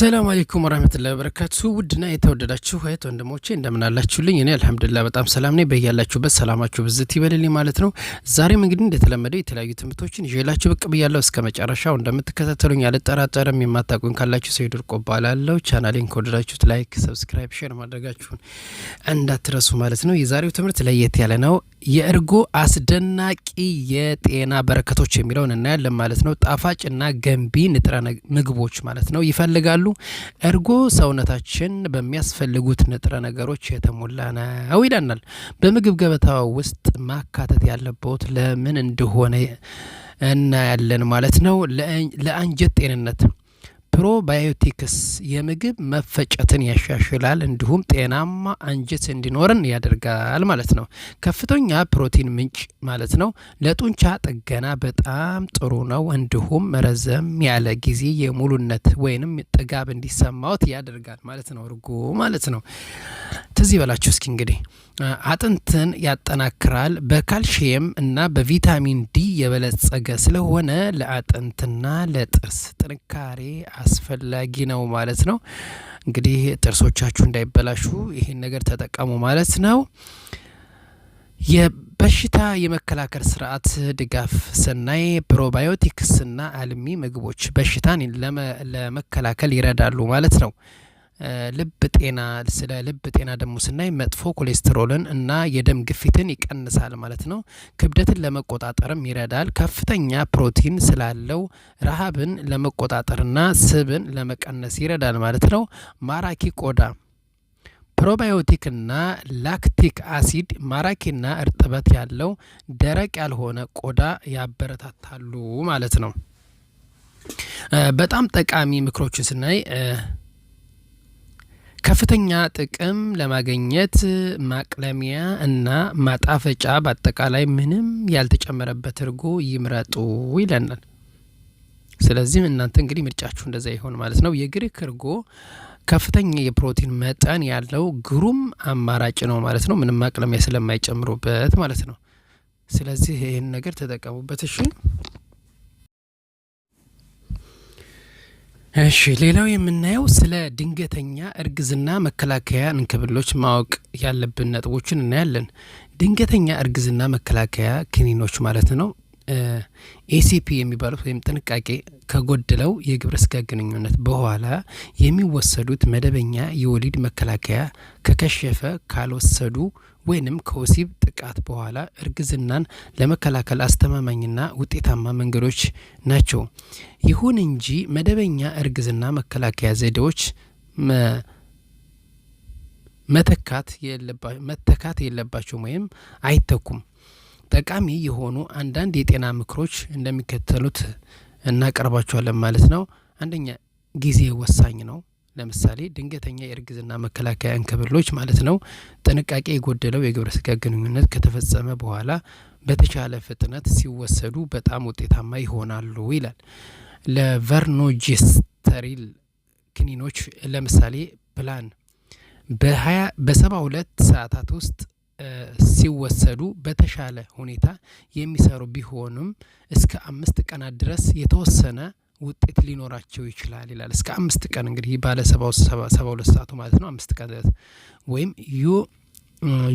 ሰላም አሌይኩም ወራህመቱላሂ ወበረካቱ። ውድና የተወደዳችሁ እህት ወንድሞቼ እንደምን አላችሁልኝ? እኔ አልሐምዱሊላህ በጣም ሰላም ነኝ። በያላችሁበት ሰላማችሁ ብዝት ይበልልኝ ማለት ነው። ዛሬም እንግዲህ እንደተለመደው የተለያዩ ትምህርቶችን ይዤላችሁ ብቅ ብያለሁ። እስከ መጨረሻው እንደምትከታተሉኝ አልጠራጠርም። የማታውቁኝ ካላችሁ ሰይድ ወርቆ እባላለሁ። ቻናሌን ከወደዳችሁት ላይክ፣ ሰብስክራይብ፣ ሼር ማድረጋችሁን እንዳትረሱ ማለት ነው። የዛሬው ትምህርት ለየት ያለ ነው። የእርጎ አስደናቂ የጤና በረከቶች የሚለውን እናያለን ማለት ነው። ጣፋጭና ገንቢ ንጥረ ምግቦች ማለት ነው ይፈልጋሉ እርጎ ሰውነታችን በሚያስፈልጉት ንጥረ ነገሮች የተሞላ ነው ይለናል። በምግብ ገበታ ውስጥ ማካተት ያለበት ለምን እንደሆነ እናያለን ማለት ነው። ለአንጀት ጤንነት ፕሮባዮቲክስ የምግብ መፈጨትን ያሻሽላል እንዲሁም ጤናማ አንጀት እንዲኖርን ያደርጋል ማለት ነው። ከፍተኛ ፕሮቲን ምንጭ ማለት ነው። ለጡንቻ ጥገና በጣም ጥሩ ነው። እንዲሁም ረዘም ያለ ጊዜ የሙሉነት ወይንም ጥጋብ እንዲሰማዎት ያደርጋል ማለት ነው። እርጎ ማለት ነው። ትዝ ይበላችሁ እስኪ እንግዲህ አጥንትን ያጠናክራል። በካልሽየም እና በቪታሚን ዲ የበለጸገ ስለሆነ ለአጥንትና ለጥርስ ጥንካሬ አስፈላጊ ነው ማለት ነው። እንግዲህ ጥርሶቻችሁ እንዳይበላሹ ይህን ነገር ተጠቀሙ ማለት ነው። የበሽታ የመከላከል ስርዓት ድጋፍ ስናይ ፕሮባዮቲክስና አልሚ ምግቦች በሽታን ለመከላከል ይረዳሉ ማለት ነው። ልብ ጤና ስለ ልብ ጤና ደግሞ ስናይ መጥፎ ኮሌስትሮልን እና የደም ግፊትን ይቀንሳል ማለት ነው። ክብደትን ለመቆጣጠርም ይረዳል። ከፍተኛ ፕሮቲን ስላለው ረሃብን ለመቆጣጠርና ስብን ለመቀነስ ይረዳል ማለት ነው። ማራኪ ቆዳ ፕሮባዮቲክና ላክቲክ አሲድ ማራኪና እርጥበት ያለው ደረቅ ያልሆነ ቆዳ ያበረታታሉ ማለት ነው። በጣም ጠቃሚ ምክሮችን ስናይ ከፍተኛ ጥቅም ለማግኘት ማቅለሚያ እና ማጣፈጫ በአጠቃላይ ምንም ያልተጨመረበት እርጎ ይምረጡ ይለናል። ስለዚህም እናንተ እንግዲህ ምርጫችሁ እንደዛ ይሆን ማለት ነው። የግሪክ እርጎ ከፍተኛ የፕሮቲን መጠን ያለው ግሩም አማራጭ ነው ማለት ነው። ምንም ማቅለሚያ ስለማይጨምሩበት ማለት ነው። ስለዚህ ይህን ነገር ተጠቀሙበት እሺ። እሺ ሌላው የምናየው ስለ ድንገተኛ እርግዝና መከላከያ እንክብሎች ማወቅ ያለብን ነጥቦችን እናያለን። ድንገተኛ እርግዝና መከላከያ ክኒኖች ማለት ነው። ኤሲፒ የሚባሉት ወይም ጥንቃቄ ከጎደለው የግብረ ስጋ ግንኙነት በኋላ የሚወሰዱት መደበኛ የወሊድ መከላከያ ከከሸፈ ካልወሰዱ ወይንም ከወሲብ ጥቃት በኋላ እርግዝናን ለመከላከል አስተማማኝና ውጤታማ መንገዶች ናቸው። ይሁን እንጂ መደበኛ እርግዝና መከላከያ ዘዴዎች መተካት የለባቸውም ወይም አይተኩም። ጠቃሚ የሆኑ አንዳንድ የጤና ምክሮች እንደሚከተሉት እናቀርባቸዋለን ማለት ነው። አንደኛ ጊዜ ወሳኝ ነው። ለምሳሌ ድንገተኛ የእርግዝና መከላከያ እንክብሎች ማለት ነው። ጥንቃቄ የጎደለው የግብረ ስጋ ግንኙነት ከተፈጸመ በኋላ በተቻለ ፍጥነት ሲወሰዱ በጣም ውጤታማ ይሆናሉ ይላል። ለቨርኖጅስተሪል ክኒኖች ለምሳሌ ፕላን በሰባ ሁለት ሰዓታት ውስጥ ሲወሰዱ በተሻለ ሁኔታ የሚሰሩ ቢሆንም እስከ አምስት ቀናት ድረስ የተወሰነ ውጤት ሊኖራቸው ይችላል ይላል። እስከ አምስት ቀን እንግዲህ ባለ ሰባ ሁለት ሰዓቱ ማለት ነው። አምስት ቀን ድረስ ወይም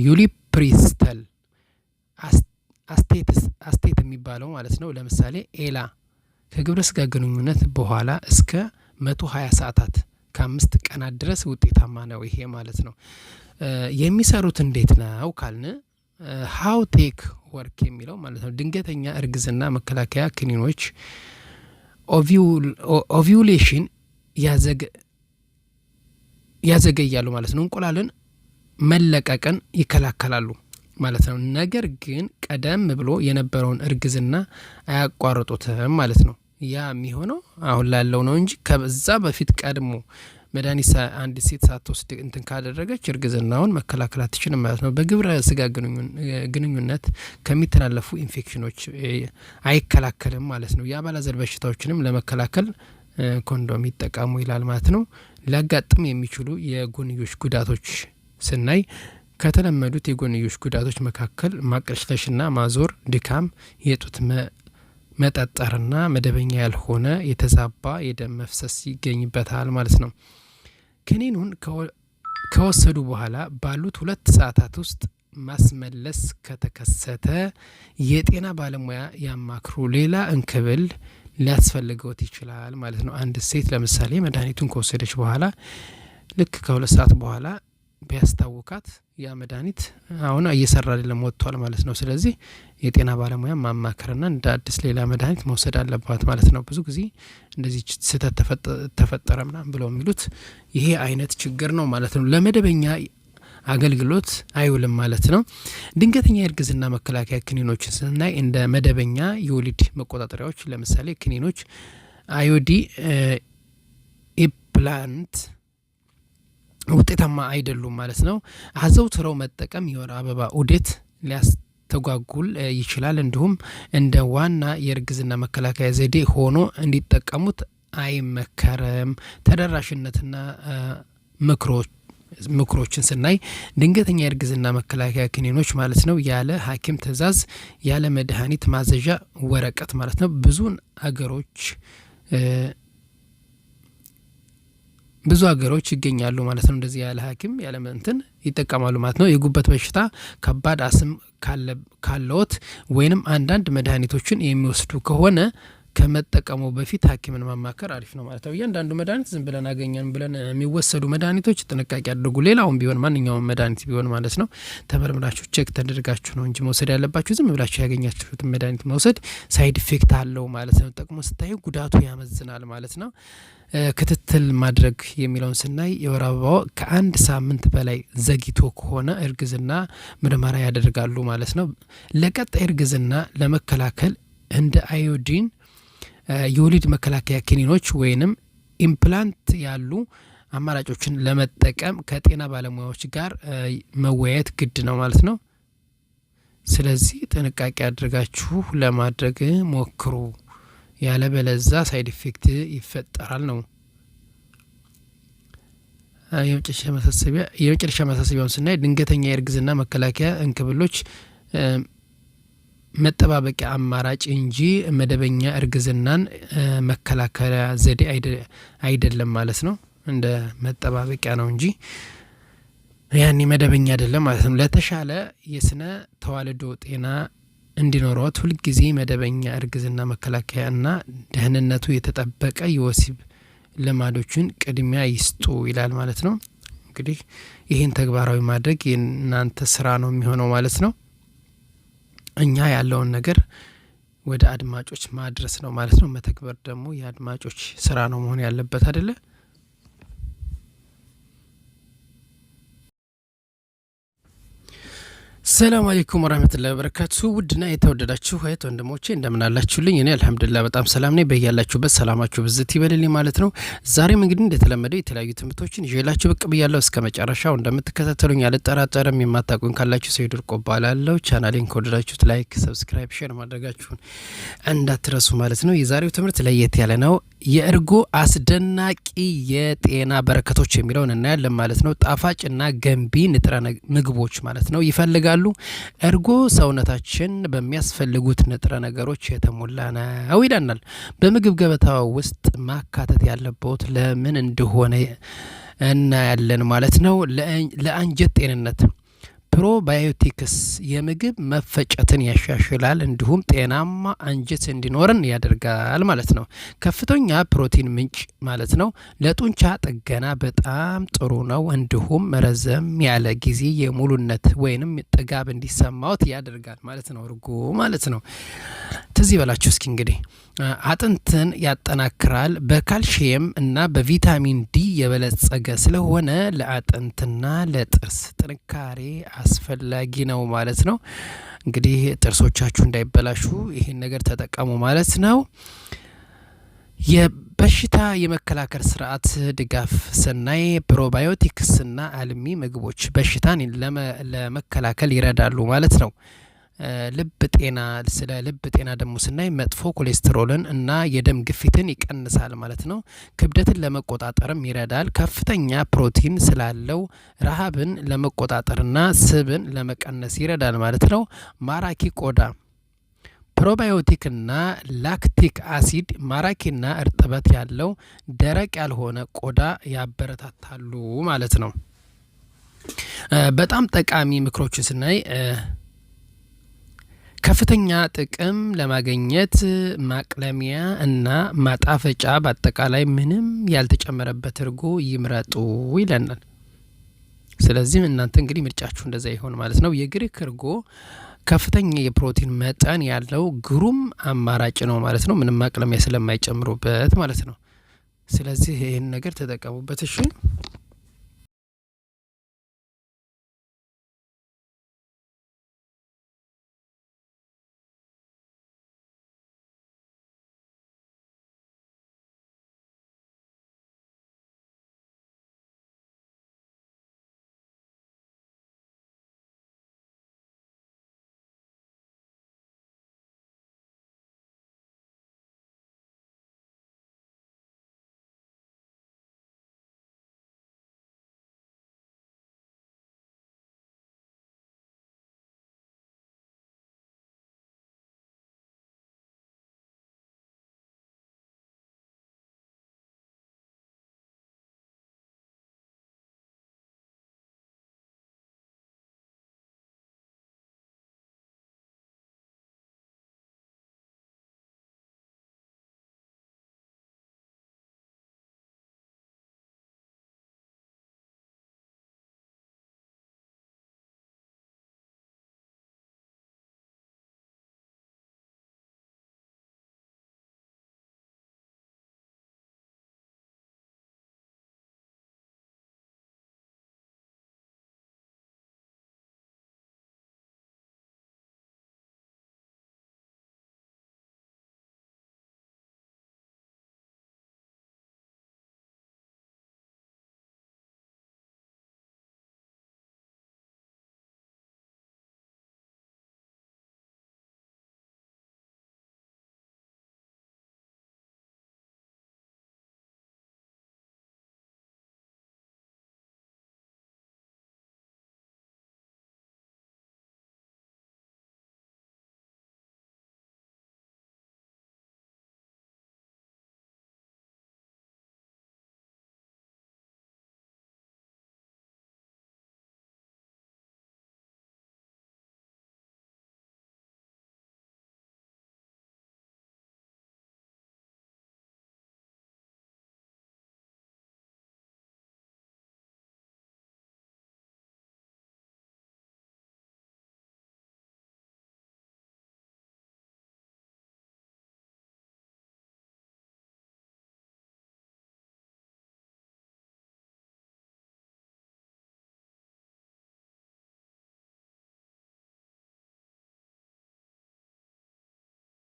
ዩሊፕሪስተል አስቴት የሚባለው ማለት ነው። ለምሳሌ ኤላ ከግብረ ስጋ ግንኙነት በኋላ እስከ መቶ ሀያ ሰዓታት ከአምስት ቀናት ድረስ ውጤታማ ነው ይሄ ማለት ነው። የሚሰሩት እንዴት ነው ካልን ሀው ቴክ ወርክ የሚለው ማለት ነው ድንገተኛ እርግዝና መከላከያ ክኒኖች፣ ኦቪዩሌሽን ያዘገያሉ ማለት ነው። እንቁላልን መለቀቅን ይከላከላሉ ማለት ነው። ነገር ግን ቀደም ብሎ የነበረውን እርግዝና አያቋርጡትም ማለት ነው። ያ የሚሆነው አሁን ላለው ነው እንጂ ከዛ በፊት ቀድሞ መድኃኒት አንድ ሴት ሳትወስድ እንትን ካደረገች እርግዝናውን መከላከል አትችልም ማለት ነው። በግብረ ስጋ ግንኙነት ከሚተላለፉ ኢንፌክሽኖች አይከላከልም ማለት ነው። የአባላዘር በሽታዎችንም ለመከላከል ኮንዶም ይጠቀሙ ይላል ማለት ነው። ሊያጋጥም የሚችሉ የጎንዮሽ ጉዳቶች ስናይ ከተለመዱት የጎንዮሽ ጉዳቶች መካከል ማቅለሽለሽና ማዞር፣ ድካም፣ የጡት መጠጠርና መደበኛ ያልሆነ የተዛባ የደም መፍሰስ ይገኝበታል ማለት ነው። ክኒኑን ከወሰዱ በኋላ ባሉት ሁለት ሰዓታት ውስጥ ማስመለስ ከተከሰተ የጤና ባለሙያ ያማክሩ። ሌላ እንክብል ሊያስፈልገውት ይችላል ማለት ነው። አንድ ሴት ለምሳሌ መድኃኒቱን ከወሰደች በኋላ ልክ ከሁለት ሰዓት በኋላ ቢያስታውቃት ያ መድኃኒት አሁን እየሰራ አይደለም ወጥቷል ማለት ነው። ስለዚህ የጤና ባለሙያ ማማከርና እንደ አዲስ ሌላ መድኃኒት መውሰድ አለባት ማለት ነው። ብዙ ጊዜ እንደዚህ ስህተት ተፈጠረ ምናምን ብለው የሚሉት ይሄ አይነት ችግር ነው ማለት ነው። ለመደበኛ አገልግሎት አይውልም ማለት ነው። ድንገተኛ የእርግዝና መከላከያ ክኒኖችን ስናይ እንደ መደበኛ የወሊድ መቆጣጠሪያዎች ለምሳሌ ክኒኖች አዮዲ ኢፕላንት ውጤታማ አይደሉም ማለት ነው። አዘውትረው መጠቀም የወር አበባ ዑደት ሊያስተጓጉል ይችላል። እንዲሁም እንደ ዋና የእርግዝና መከላከያ ዘዴ ሆኖ እንዲጠቀሙት አይመከርም። ተደራሽነትና ምክሮች ምክሮችን ስናይ ድንገተኛ የእርግዝና መከላከያ ክኒኖች ማለት ነው ያለ ሐኪም ትዕዛዝ ያለ መድኃኒት ማዘዣ ወረቀት ማለት ነው ብዙን አገሮች ብዙ ሀገሮች ይገኛሉ ማለት ነው። እንደዚህ ያለ ሐኪም ያለ እንትን ይጠቀማሉ ማለት ነው። የጉበት በሽታ ከባድ አስም ካለዎት ወይንም አንዳንድ መድኃኒቶችን የሚወስዱ ከሆነ ከመጠቀሙ በፊት ሐኪምን ማማከር አሪፍ ነው ማለት ነው። እያንዳንዱ መድኃኒት ዝም ብለን አገኘን ብለን የሚወሰዱ መድኃኒቶች ጥንቃቄ አድርጉ። ሌላውም ቢሆን ማንኛውም መድኃኒት ቢሆን ማለት ነው ተመርምራችሁ ቼክ ተደርጋችሁ ነው እንጂ መውሰድ ያለባችሁ። ዝም ብላችሁ ያገኛችሁትን መድኃኒት መውሰድ ሳይድ ኢፌክት አለው ማለት ነው። ጠቅሞ ስታዩ ጉዳቱ ያመዝናል ማለት ነው። ክትትል ማድረግ የሚለውን ስናይ የወር አበባው ከአንድ ሳምንት በላይ ዘግይቶ ከሆነ እርግዝና ምርመራ ያደርጋሉ ማለት ነው። ለቀጣይ እርግዝና ለመከላከል እንደ አዮዲን የወሊድ መከላከያ ክኒኖች ወይንም ኢምፕላንት ያሉ አማራጮችን ለመጠቀም ከጤና ባለሙያዎች ጋር መወያየት ግድ ነው ማለት ነው። ስለዚህ ጥንቃቄ አድርጋችሁ ለማድረግ ሞክሩ። ያለበለዛ ሳይድ ኢፌክት ይፈጠራል ነው። የመጨረሻ ማሳሰቢያውን ስናይ ድንገተኛ የእርግዝና መከላከያ እንክብሎች መጠባበቂያ አማራጭ እንጂ መደበኛ እርግዝናን መከላከያ ዘዴ አይደለም ማለት ነው። እንደ መጠባበቂያ ነው እንጂ ያኔ መደበኛ አይደለም ማለት ነው። ለተሻለ የስነ ተዋልዶ ጤና እንዲኖረት ሁልጊዜ መደበኛ እርግዝና መከላከያ እና ደህንነቱ የተጠበቀ የወሲብ ልማዶችን ቅድሚያ ይስጡ ይላል ማለት ነው። እንግዲህ ይህን ተግባራዊ ማድረግ የእናንተ ስራ ነው የሚሆነው ማለት ነው። እኛ ያለውን ነገር ወደ አድማጮች ማድረስ ነው ማለት ነው። መተግበር ደግሞ የአድማጮች ስራ ነው መሆን ያለበት አደለ? ሰላም አለይኩም ወራህመቱላሂ ወበረካቱ። ውድና የተወደዳችሁ እህት ወንድሞቼ እንደምናላችሁልኝ እኔ አልሐምዱሊላህ በጣም ሰላም ነኝ። በያላችሁበት ሰላማችሁ ብዝት ይበልልኝ ማለት ነው። ዛሬም እንግዲህ እንደተለመደው የተለያዩ ትምህርቶችን ይዤላችሁ ብቅ ብያለሁ። እስከ መጨረሻው እንደምትከታተሉኝ አልጠራጠርም። የማታቁኝ ካላችሁ ሰይዱር ቆባላለሁ። ቻናሌን ከወደዳችሁት ላይክ፣ ሰብስክራይብ፣ ሼር ማድረጋችሁን እንዳትረሱ ማለት ነው። የዛሬው ትምህርት ለየት ያለ ነው። የእርጎ አስደናቂ የጤና በረከቶች የሚለውን እናያለን ማለት ነው። ጣፋጭና ገንቢ ንጥረ ምግቦች ማለት ነው ይፈልጋል ይላሉ። እርጎ ሰውነታችን በሚያስፈልጉት ንጥረ ነገሮች የተሞላ ነው ይለናል። በምግብ ገበታ ውስጥ ማካተት ያለበት ለምን እንደሆነ እናያለን ማለት ነው። ለአንጀት ጤንነት ፕሮባዮቲክስ የምግብ መፈጨትን ያሻሽላል እንዲሁም ጤናማ አንጀት እንዲኖርን ያደርጋል ማለት ነው። ከፍተኛ ፕሮቲን ምንጭ ማለት ነው። ለጡንቻ ጥገና በጣም ጥሩ ነው። እንዲሁም ረዘም ያለ ጊዜ የሙሉነት ወይንም ጥጋብ እንዲሰማዎት ያደርጋል ማለት ነው። እርጎ ማለት ነው። ትዚህ በላችሁ እስኪ እንግዲህ አጥንትን ያጠናክራል። በካልሽየም እና በቪታሚን ዲ የበለጸገ ስለሆነ ለአጥንትና ለጥርስ ጥንካሬ አስፈላጊ ነው ማለት ነው። እንግዲህ ጥርሶቻችሁ እንዳይበላሹ ይህን ነገር ተጠቀሙ ማለት ነው። የበሽታ የመከላከል ስርዓት ድጋፍ ስናይ ፕሮባዮቲክስና አልሚ ምግቦች በሽታን ለመከላከል ይረዳሉ ማለት ነው። ልብ ጤና ስለ ልብ ጤና ደግሞ ስናይ መጥፎ ኮሌስትሮልን እና የደም ግፊትን ይቀንሳል ማለት ነው። ክብደትን ለመቆጣጠርም ይረዳል። ከፍተኛ ፕሮቲን ስላለው ረሃብን ለመቆጣጠርና ስብን ለመቀነስ ይረዳል ማለት ነው። ማራኪ ቆዳ ፕሮባዮቲክና ላክቲክ አሲድ ማራኪና እርጥበት ያለው ደረቅ ያልሆነ ቆዳ ያበረታታሉ ማለት ነው። በጣም ጠቃሚ ምክሮችን ስናይ ከፍተኛ ጥቅም ለማግኘት ማቅለሚያ እና ማጣፈጫ በአጠቃላይ ምንም ያልተጨመረበት እርጎ ይምረጡ ይለናል። ስለዚህም እናንተ እንግዲህ ምርጫችሁ እንደዛ ይሆን ማለት ነው። የግሪክ እርጎ ከፍተኛ የፕሮቲን መጠን ያለው ግሩም አማራጭ ነው ማለት ነው። ምንም ማቅለሚያ ስለማይጨምሩበት ማለት ነው። ስለዚህ ይህን ነገር ተጠቀሙበት እሺ።